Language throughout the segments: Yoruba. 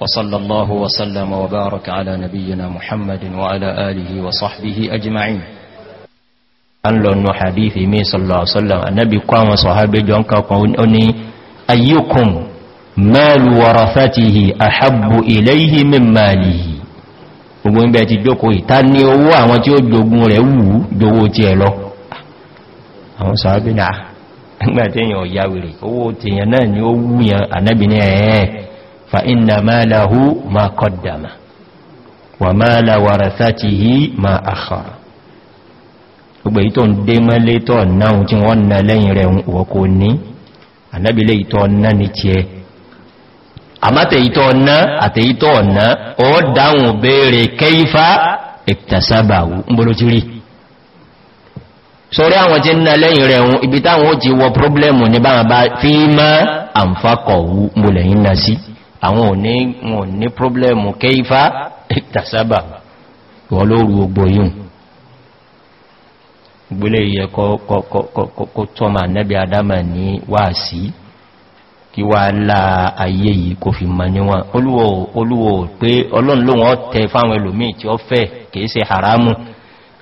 وصلى الله وسلم وبارك على نبينا محمد وعلى آله وصحبه أجمعين أن لأن حديث من صلى الله عليه وسلم النبي قام صحابي جونك قوني أيكم مال ورثته أحب إليه من ماله gbogbo ń bẹ̀ ti jókò ìta ní owó àwọn tí ó jogun rẹ̀ wù jowó tí ẹ lọ àwọn sàábìnà ẹgbẹ̀tẹ̀yàn ọ̀yáwèrè owó tèèyàn náà ni ó wúyàn ànẹ́bìnrin ẹ̀ẹ́ فإن ماله ما قدم ومال ورثته ما أخر gbogbo ìtò ń dé mọ́ létọ́ náà tí wọ́n na lẹ́yìn rẹ̀ wọ́kó ní ànábílẹ̀ ìtọ́ náà ní tí ẹ àmátẹ̀ ìtọ́ náà àtẹ̀ ìtọ́ náà ó dáhùn bèèrè kẹfà ìtàsábàwò ń bọ́lọ́ ti rí sórí àwọn tí ń na lẹ́yìn rẹ̀ ibi táwọn ó àwọn òní wọn ní problemu kéífà ìtàsábà wọ́n ló rú ogbò yìí gbílé yẹ kó ma nẹ́bí adama ní wà sí kí wà lá ayé yìí kò fi mọ̀ níwọ̀n pé ọlọ́run tẹ fáwọn tí ó fẹ́ kìí se haramu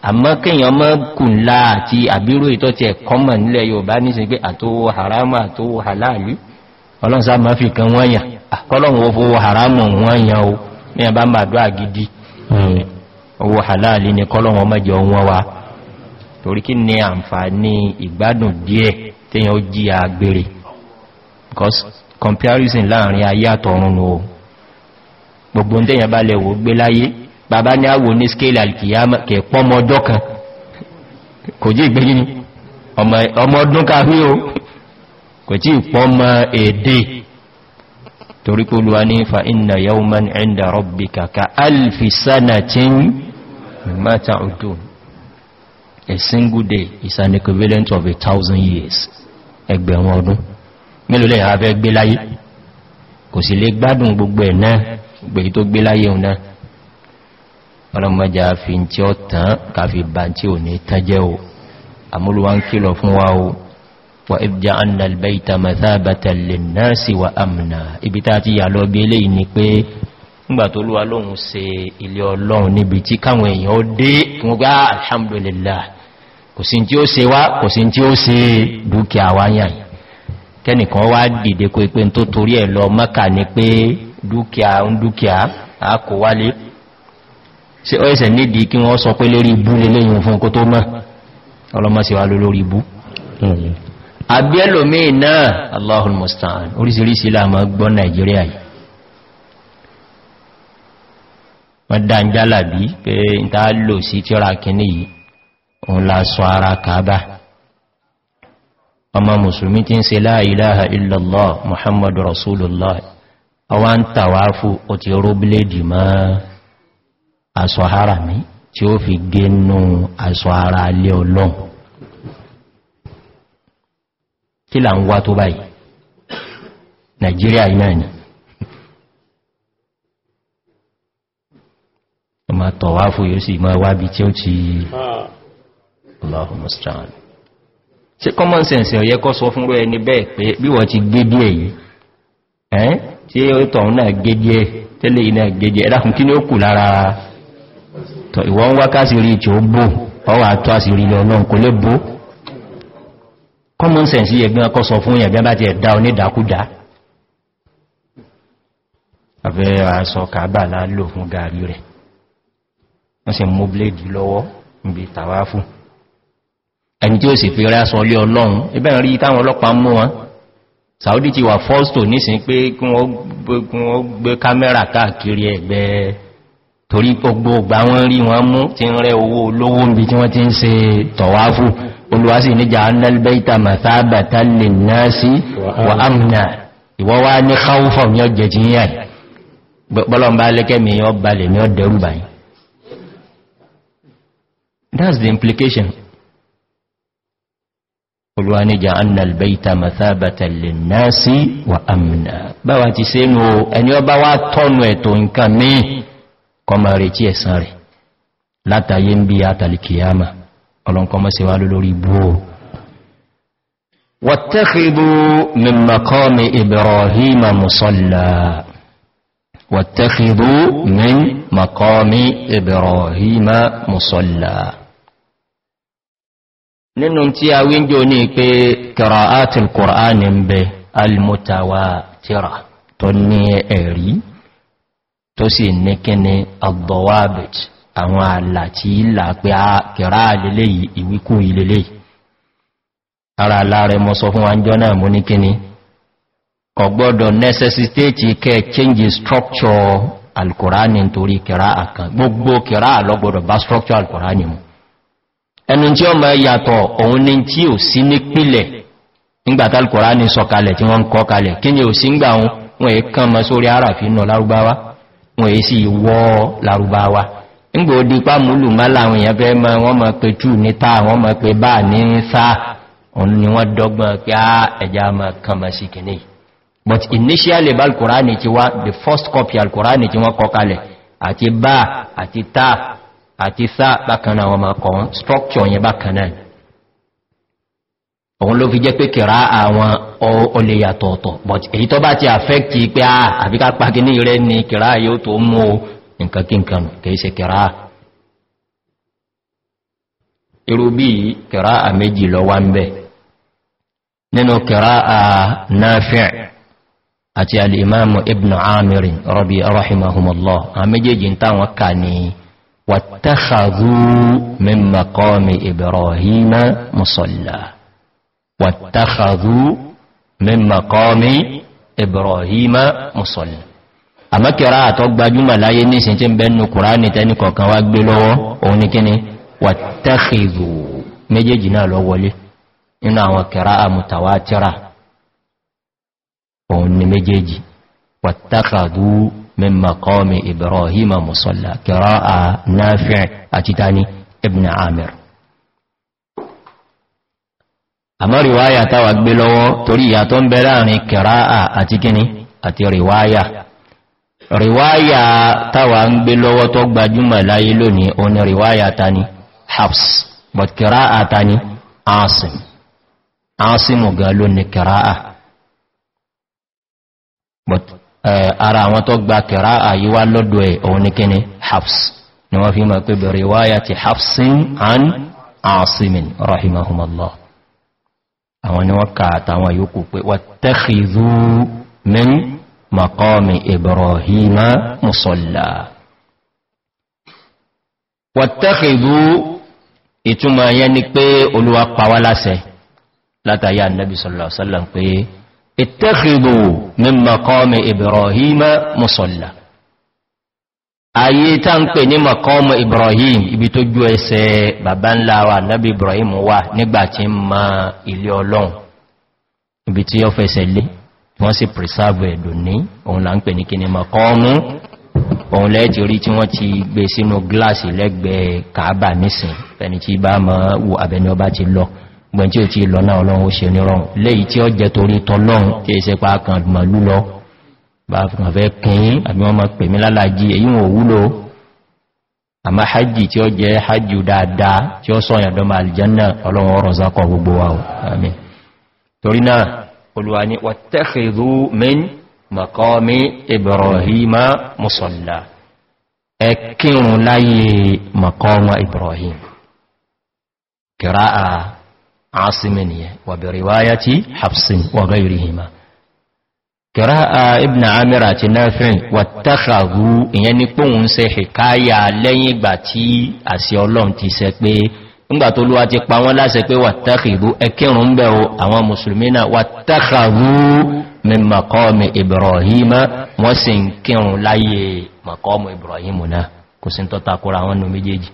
àmọ́ kíyàn mọ́ àbírò ìtọ́ ti ẹ̀kọ́mọ̀ nílẹ̀ yóò bá pé haramu àtòwò fi kọ́lọ̀wọ̀ hmm. owó haramu wọ́n yàn o ní ẹ̀bá ń bà dọ́ àgidi owó halali ni kọ́lọ̀wọ̀ mẹ́jọ wọn wa torí kí ní àǹfàní ìgbádùn díẹ̀ tíyàn ó jí agbèrè comparison láàrin ayé àtọ̀run o gbogbo tíyàn bá lè wò gbé láyé bàbá ní àwò ní scale alkiyama kẹ̀pọ́ ọmọ ọjọ́ torí pé olúwa ní fa iná yau man ẹ̀ndà rọ̀bì kàkà alfisana tí ń mata ọdún a single day is an equivalent of a thousand years ẹgbẹ̀rún ọdún mélòó lẹ́yìn afẹ́ gbé láyé kò sí lè gbádùn gbogbo ẹ̀ náà gbèyí tó gbé láyé òun náà ọlọ́mọjá fi tí ọ tán káfí bá tí ò ní tẹ́jẹ́ o àmúlùwá ń kílọ̀ fún wa o وَإِذْ جَعَلْنَا الْبَيْتَ مَثَابَةً لِلنَّاسِ وَأَمْنًا ibi tá ti yà lọ bí eléyìí ni pé ńgbà tó lúwa lóhun se ilé ọlọ́run níbi tí káwọn èèyàn ó dé fún gbá ah, alhamdulillah kò sí tí ó se wá kò sí tí ó se dúkìá wá yàn kẹ́nìkan wá dìde kó ipé tó torí ẹ̀ lọ mọ́kà ní pé dúkìá ń dúkìá a kò wálé sí ó ẹsẹ̀ nídìí kí wọ́n sọ pé lórí ibú lélẹ́yìn fún kó tó mọ́ ọlọ́mọ́síwá lórí ibú àbí ẹlòmíì náà allahul musta'an orísìírísìí láàmà gbọ́ nàìjíríà yìí wọ́n dá ń jálà bí pé ń tá lò sí tíọ́ra kìíní yìí òun la sọ ara kàábà ọmọ musulmi ti ń se láàíláha illallah muhammadu rasulullah ọwá ń tàwáfù ó ti rú bléèdì mọ́ aṣọ mi tí ó fi gẹ́nu aṣọ alẹ́ ọlọ́run kí là ń wá tó báyìí nàìjíríà náà ni o ma tọ̀ wá fún yóò sì máa wábi tí ó ti ọlọ́hùnmùsùlùmí ṣe common sense ọ̀yẹ́ kọ́ sọ fún ẹni bẹ́ẹ̀ pé bí wọ́n ti gbé díẹ̀ yìí ẹ́n tí ó tọ̀hún náà gé díẹ̀ tẹ́lẹ̀ iná gé díẹ̀ ẹ̀dàkùn kí ní ó kù lára tọ̀ ìwọ́n wákásí rí ìtì ó bò ọwà tó àsìrí lọ́nà kò lè bò common sense yẹ gan kọ́ sọ fún yẹn gan bá ti ẹ̀dá onídàkúdá àfẹ́ àṣọ kàbà lálò fún gàrí rẹ̀ wọ́n sì mú bléèdì lọ́wọ́ níbi tàwá fún ẹni tí ó sì fi rẹ́ aṣọ ilé ọlọ́run ẹbẹ́ rí táwọn ọlọ́pàá mú wọn saudi ti wà fọ́stò nísìn pé kí wọ́n gbé kámẹ́rà káàkiri ẹgbẹ́ torí gbogbo ọgbà wọ́n rí wọn mú ti rẹ owó olówó níbi tí wọ́n ti ń se tọ̀wá olùwásí ní jàánàl bẹ́ta mathabata linnasi wa amna ìwọ́ wá ní káúfọ̀ ní ọjẹ̀ tí yíyà bọ́lọ̀mbá lẹ́kẹ́mì ọbalẹ̀ ní ọdẹ̀rù báyìí that's the implication olùwá ní jàánàl bẹ́ta mathabata linnasi wa amna báwa ti ṣe nù ẹni ọba wá tọ́nu ẹ̀tọ́ nǹkan mí kọmọ̀ ẹ̀sán rẹ̀ látàyé ń bí àtàlìkìyàmà ọlọ́nkọmọ́ sí wá lórí ibú o wàtẹ́kìbú mímọ̀kọ́mí ìbẹ̀rọ̀hìmà musọ́lá wàtẹ́kìbú mímọ̀kọ́mí ìbẹ̀rọ̀hìmà musọ́lá nínú tí a wíjò ní pé kìrọ̀ áti kùránì ń bẹ almutawa tíra tó ní ẹ̀rí tó sì ní kíni abdọ́wàbìtì àwọn àlà tí ìlà pé a ah, kẹ̀rá àlélé ìwíkú ilélé ara aláàrẹ mọ́ sọ fún àjọ náà mú ní kíní kọ̀gbọ́dọ̀ necessitate kẹ́ change structure alkùránì torí kẹ̀rá àkàn gbogbo kẹ̀rá àlọ́gbọ̀dọ̀ bá structure alkùránì mú ẹnu tí ó mọ̀ yàtọ̀ òun ní tí ò sí ní pílẹ̀ nígbàtà alkùránì sọ kalẹ̀ tí wọ́n ń kọ kalẹ̀ kí ni ò sí ngbà wọn wọ́n èé kàn mọ́ sórí ara lárúbáwá wọ́n èé sì wọ́ lárúbáwá ńgbò dípá múlù má láwọn èèyàn fẹ́ mọ́ wọ́n mọ́ pé jù ní táà wọ́n mọ́ pé bá ní sáà òun ni wọ́n dọ́gbọ́n pé á ẹja mọ́ kan mọ́ sí kìíní but initially bá alkùránì ti wá the first copy alkùránì tí wọ́n kọkalẹ̀ àti bá àti táà àti sáà bákanáà wọ́n mọ́ kọ̀ structure yẹn bákanáà òun ló fi jẹ́ pé kìrá but èyí tó affect pé àbíkápá kìíní ni kìrá yóò tó mú o nǹkan kí nǹkan kìí ṣe kìrá irú bí kìrá à méjì lọ wá ń bẹ̀ nínú kìrá à náàfẹ́ àti al'imamu ibn amirin rọ̀bí rahimahumallah a méjèjì ń táwọn kà ní wàtàkàzú mímọ̀ kọ́mi ibrahima musalla wàtàkàzú mímọ̀ kọ́mi ibrahima musalla àmọ́kẹ̀rá àtọ́ gbajúmọ̀ láyé ní ìsìn tí ń bẹ́nu kùránì tẹ́ni kọ̀ọ̀kan wá gbé lọ́wọ́ òun ní kíni wàtẹ́kìzù méjèèjì náà lọ wọlé nínú àwọn kẹ̀rá àmùtàwà tíra òun ni méjèèjì wàtẹ́kàdú mẹ́màkọ́mì ibrahim musalla kẹ̀rá à náfẹ́ àti tani ibn amir àmọ́ ríwáyà táwà gbé lọ́wọ́ torí ìyàtọ̀ ń bẹ láàrin kẹ̀rá àti kíni àti ríwáyà ríwáyà táwà ń gbé lọ́wọ́ tó gbajúmọ̀ láyé lónìí o ni ríwáyà ta ni hafs but kìráà ta ni asim asimu ga ló ni kìráà but ara àwọn tó gba kìráà yí wá lọ́dọ̀ ẹ̀ òun ní kíni hafs ni wọ́n fi mọ̀ pé bẹ̀rẹ̀ wáyà ti hafsin an asimin rahimahumallah مقام إبراهيم مصلى واتخذوا ìtúmọ̀ yẹn ni pé olúwa pàwà lásẹ̀ látàyà nàbí sọ̀lọ̀sọ̀lọ̀ pé ìtẹ́kìbò mímọ̀kọ́mì ibrahim musọ̀lá ayé tá ń pè ní mọ̀kọ́mì ibrahim ibi tó jú ẹsẹ̀ bàbá ńlá wa nàbí ibrahim wà nígbàtí ma ilé ọlọ́run ibi tí ó fẹsẹ̀ lé wọ́n sì preserve ẹ̀dùn ní òun là ń pè ní kí ni mọ̀kọ́ọ̀mú òun lẹ́ẹ̀tì orí tí wọ́n ti gbé sínú gláàsì lẹ́gbẹ̀ẹ́ kàábà nísìn fẹni tí bá mọ́ wo àbẹni ọba ti lọ gbọ́n tí ó ti lọ náà ọlọ́run ó ṣe nírọ̀rùn léyìí tí ó jẹ torí tọ́lọ́run tí è sẹ́pá kan màlú lọ bá fún àfẹ́ kìí àbí wọ́n mọ́ pè mí lálàájí èyí wọn òwúlò àmá hajji tí ó jẹ́ hajji dáadáa tí ó sọ́yàn dọ́mà aljanna ọlọ́run ọ̀rọ̀ zákọ̀ gbogbo wa ò àmì torí náà olùwà ní wàtẹ́kìrú min makọ́mí ibrahima musalla ẹkírùn láyé makọ́mọ ibrahim kìrá a asiminiya wà bẹ̀rẹ̀ wáyá tí hafsin wà gairihima kìrá a ibn amira ti náfin wàtẹ́kìrú ìyẹn ni pòun se hikaya lẹ́yìn ìgbà tí àsì ti sẹ pé ńgbà tó lúwa ti pa wọ́n láṣẹ pé wà tàkìrú ẹkẹrùn ún bẹ̀wò àwọn musulmi náà wà tàkàrú mẹ́màkọ́ọ̀mù ibrahim wọ́n sì ń kírùn láyé màkọ́ọ̀mù ibrahim náà kò sí tọ́ta kóra wọn nù méjèèjì